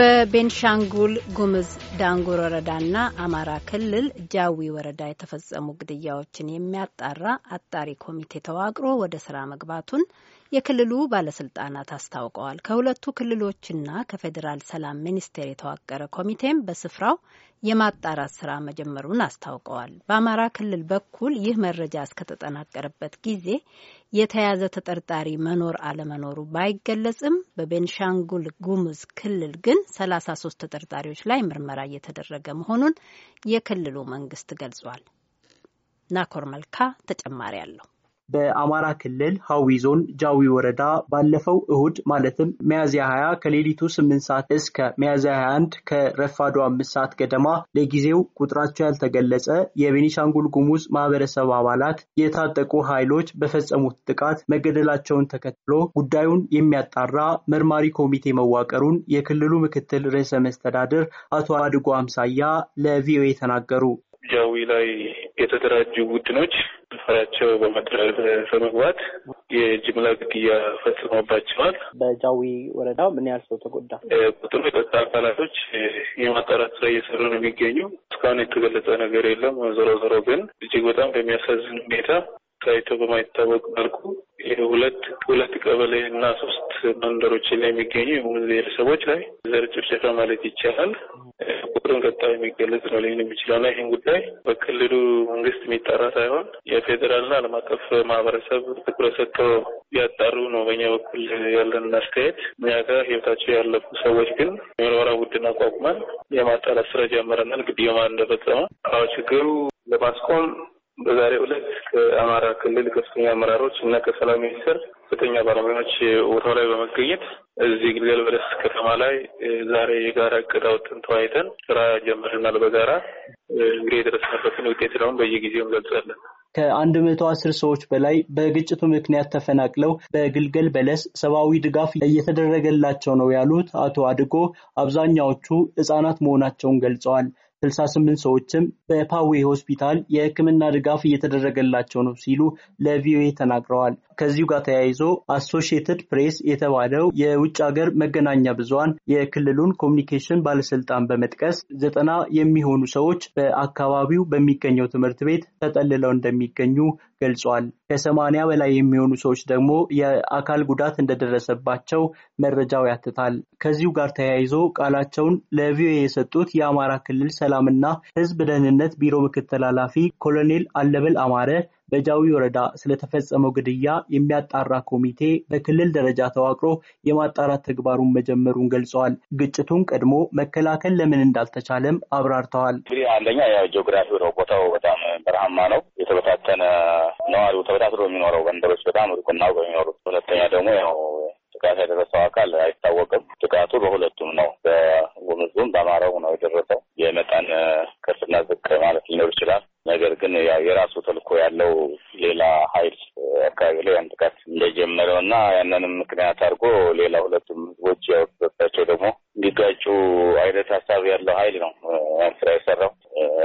በቤንሻንጉል ጉምዝ ዳንጉር ወረዳና አማራ ክልል ጃዊ ወረዳ የተፈጸሙ ግድያዎችን የሚያጣራ አጣሪ ኮሚቴ ተዋቅሮ ወደ ስራ መግባቱን የክልሉ ባለስልጣናት አስታውቀዋል። ከሁለቱ ክልሎችና ከፌዴራል ሰላም ሚኒስቴር የተዋቀረ ኮሚቴም በስፍራው የማጣራት ስራ መጀመሩን አስታውቀዋል። በአማራ ክልል በኩል ይህ መረጃ እስከተጠናቀረበት ጊዜ የተያዘ ተጠርጣሪ መኖር አለመኖሩ ባይገለጽም በቤንሻንጉል ጉሙዝ ክልል ግን 33 ተጠርጣሪዎች ላይ ምርመራ እየተደረገ መሆኑን የክልሉ መንግስት ገልጿል። ናኮር መልካ ተጨማሪ አለው። በአማራ ክልል ሀዊ ዞን ጃዊ ወረዳ ባለፈው እሁድ ማለትም ሚያዝያ 20 ከሌሊቱ 8 ሰዓት እስከ ሚያዝያ 21 ከረፋዱ 5 ሰዓት ገደማ ለጊዜው ቁጥራቸው ያልተገለጸ የቤኒሻንጉል ጉሙዝ ማህበረሰብ አባላት የታጠቁ ኃይሎች በፈጸሙት ጥቃት መገደላቸውን ተከትሎ ጉዳዩን የሚያጣራ መርማሪ ኮሚቴ መዋቀሩን የክልሉ ምክትል ርዕሰ መስተዳድር አቶ አድጎ አምሳያ ለቪኦኤ ተናገሩ። ጃዊ ላይ የተደራጁ ቡድኖች ሰፈራቸው በመጥረብ በመግባት የጅምላ ግድያ ፈጽሞባቸዋል። በጃዊ ወረዳ ምን ያህል ሰው ተጎዳ? ቁጥሩ የጸጥታ አካላቶች የማጣራት ስራ እየሰሩ ነው የሚገኙ። እስካሁን የተገለጸ ነገር የለም። ዞሮ ዞሮ ግን እጅግ በጣም በሚያሳዝን ሁኔታ ታይቶ በማይታወቅ መልኩ ይሄ ሁለት ሁለት ቀበሌ እና ሶስት መንደሮች ላይ የሚገኙ የሙዝ ብሔረሰቦች ላይ ዘር ጭፍጨፋ ማለት ይቻላል ቁጥሩን ቀጣይ የሚገለጽ ነው ሊሆን የሚችለው ና ይህን ጉዳይ በክልሉ መንግስት የሚጠራ ሳይሆን የፌዴራል ና ዓለም አቀፍ ማህበረሰብ ትኩረት ሰጥቶ ያጣሩ ነው በኛ በኩል ያለን አስተያየት። እኛ ጋር ህይወታቸው ያለፉ ሰዎች ግን የምርመራ ቡድን አቋቁመን የማጣራት ስራ ጀምረናል። ግድያ ማን እንደፈጸመ አዎ ችግሩ ለማስቆም በዛሬ ዕለት ከአማራ ክልል ከፍተኛ አመራሮች እና ከሰላም ሚኒስቴር ከፍተኛ ባለሙያዎች ቦታው ላይ በመገኘት እዚህ ግልገል በለስ ከተማ ላይ ዛሬ የጋራ እቅድ አውጥተን ተወያይተን ስራ ጀምረናል። በጋራ እንግዲህ የደረሰበትን ውጤት ደግሞ በየጊዜው እንገልጻለን። ከአንድ መቶ አስር ሰዎች በላይ በግጭቱ ምክንያት ተፈናቅለው በግልገል በለስ ሰብአዊ ድጋፍ እየተደረገላቸው ነው ያሉት አቶ አድጎ አብዛኛዎቹ ህጻናት መሆናቸውን ገልጸዋል። ስልሳ ስምንት ሰዎችም በፓዌ ሆስፒታል የሕክምና ድጋፍ እየተደረገላቸው ነው ሲሉ ለቪኦኤ ተናግረዋል። ከዚሁ ጋር ተያይዞ አሶሺየትድ ፕሬስ የተባለው የውጭ ሀገር መገናኛ ብዙሃን የክልሉን ኮሚኒኬሽን ባለስልጣን በመጥቀስ ዘጠና የሚሆኑ ሰዎች በአካባቢው በሚገኘው ትምህርት ቤት ተጠልለው እንደሚገኙ ገልጿል። ከሰማንያ በላይ የሚሆኑ ሰዎች ደግሞ የአካል ጉዳት እንደደረሰባቸው መረጃው ያትታል። ከዚሁ ጋር ተያይዞ ቃላቸውን ለቪኦኤ የሰጡት የአማራ ክልል ሰላምና ሕዝብ ደህንነት ቢሮ ምክትል ኃላፊ ኮሎኔል አለበል አማረ በጃዊ ወረዳ ስለተፈጸመው ግድያ የሚያጣራ ኮሚቴ በክልል ደረጃ ተዋቅሮ የማጣራት ተግባሩን መጀመሩን ገልጸዋል። ግጭቱን ቀድሞ መከላከል ለምን እንዳልተቻለም አብራርተዋል። እንግዲህ አንደኛ ጂኦግራፊ ነው። ቦታው በጣም በረሃማ ነው። የተበታተነ ነዋሪው ተበታትሮ የሚኖረው መንደሮች በጣም ርቁና በሚኖሩት ሁለተኛ ደግሞ ያው ጥቃት ያደረሰው አካል አይታወቅም። ጥቃቱ በሁለቱም ነው። በጉምዙም በአማራው ነው የደረሰው የመጠን ሌላ ሁለቱም ህዝቦች ያወጡበታቸው ደግሞ እንዲጋጩ አይነት ሀሳብ ያለው ሀይል ነው ስራ የሰራው።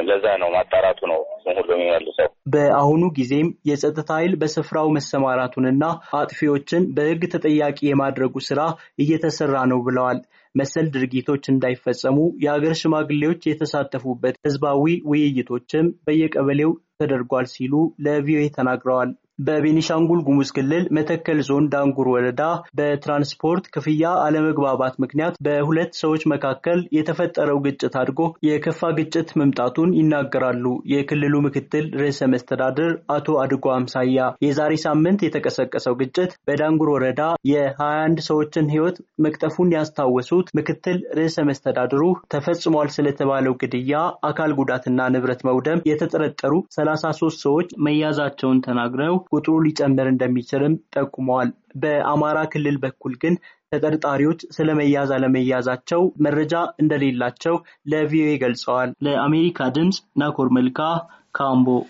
ለዛ ነው ማጣራቱ ነው ሁሉ የሚመልሰው። በአሁኑ ጊዜም የጸጥታ ኃይል በስፍራው መሰማራቱንና አጥፊዎችን በህግ ተጠያቂ የማድረጉ ስራ እየተሰራ ነው ብለዋል። መሰል ድርጊቶች እንዳይፈጸሙ የሀገር ሽማግሌዎች የተሳተፉበት ህዝባዊ ውይይቶችም በየቀበሌው ተደርጓል ሲሉ ለቪኦኤ ተናግረዋል። በቤኒሻንጉል ጉሙዝ ክልል መተከል ዞን ዳንጉር ወረዳ በትራንስፖርት ክፍያ አለመግባባት ምክንያት በሁለት ሰዎች መካከል የተፈጠረው ግጭት አድጎ የከፋ ግጭት መምጣቱን ይናገራሉ የክልሉ ምክትል ርዕሰ መስተዳድር አቶ አድጎ አምሳያ። የዛሬ ሳምንት የተቀሰቀሰው ግጭት በዳንጉር ወረዳ የ21 ሰዎችን ሕይወት መቅጠፉን ያስታወሱት ምክትል ርዕሰ መስተዳድሩ ተፈጽሟል ስለተባለው ግድያ፣ አካል ጉዳትና ንብረት መውደም የተጠረጠሩ 33 ሰዎች መያዛቸውን ተናግረው ቁጥሩ ሊጨምር እንደሚችልም ጠቁመዋል። በአማራ ክልል በኩል ግን ተጠርጣሪዎች ስለመያዝ አለመያዛቸው መረጃ እንደሌላቸው ለቪኦኤ ገልጸዋል። ለአሜሪካ ድምፅ ናኮር መልካ ካምቦ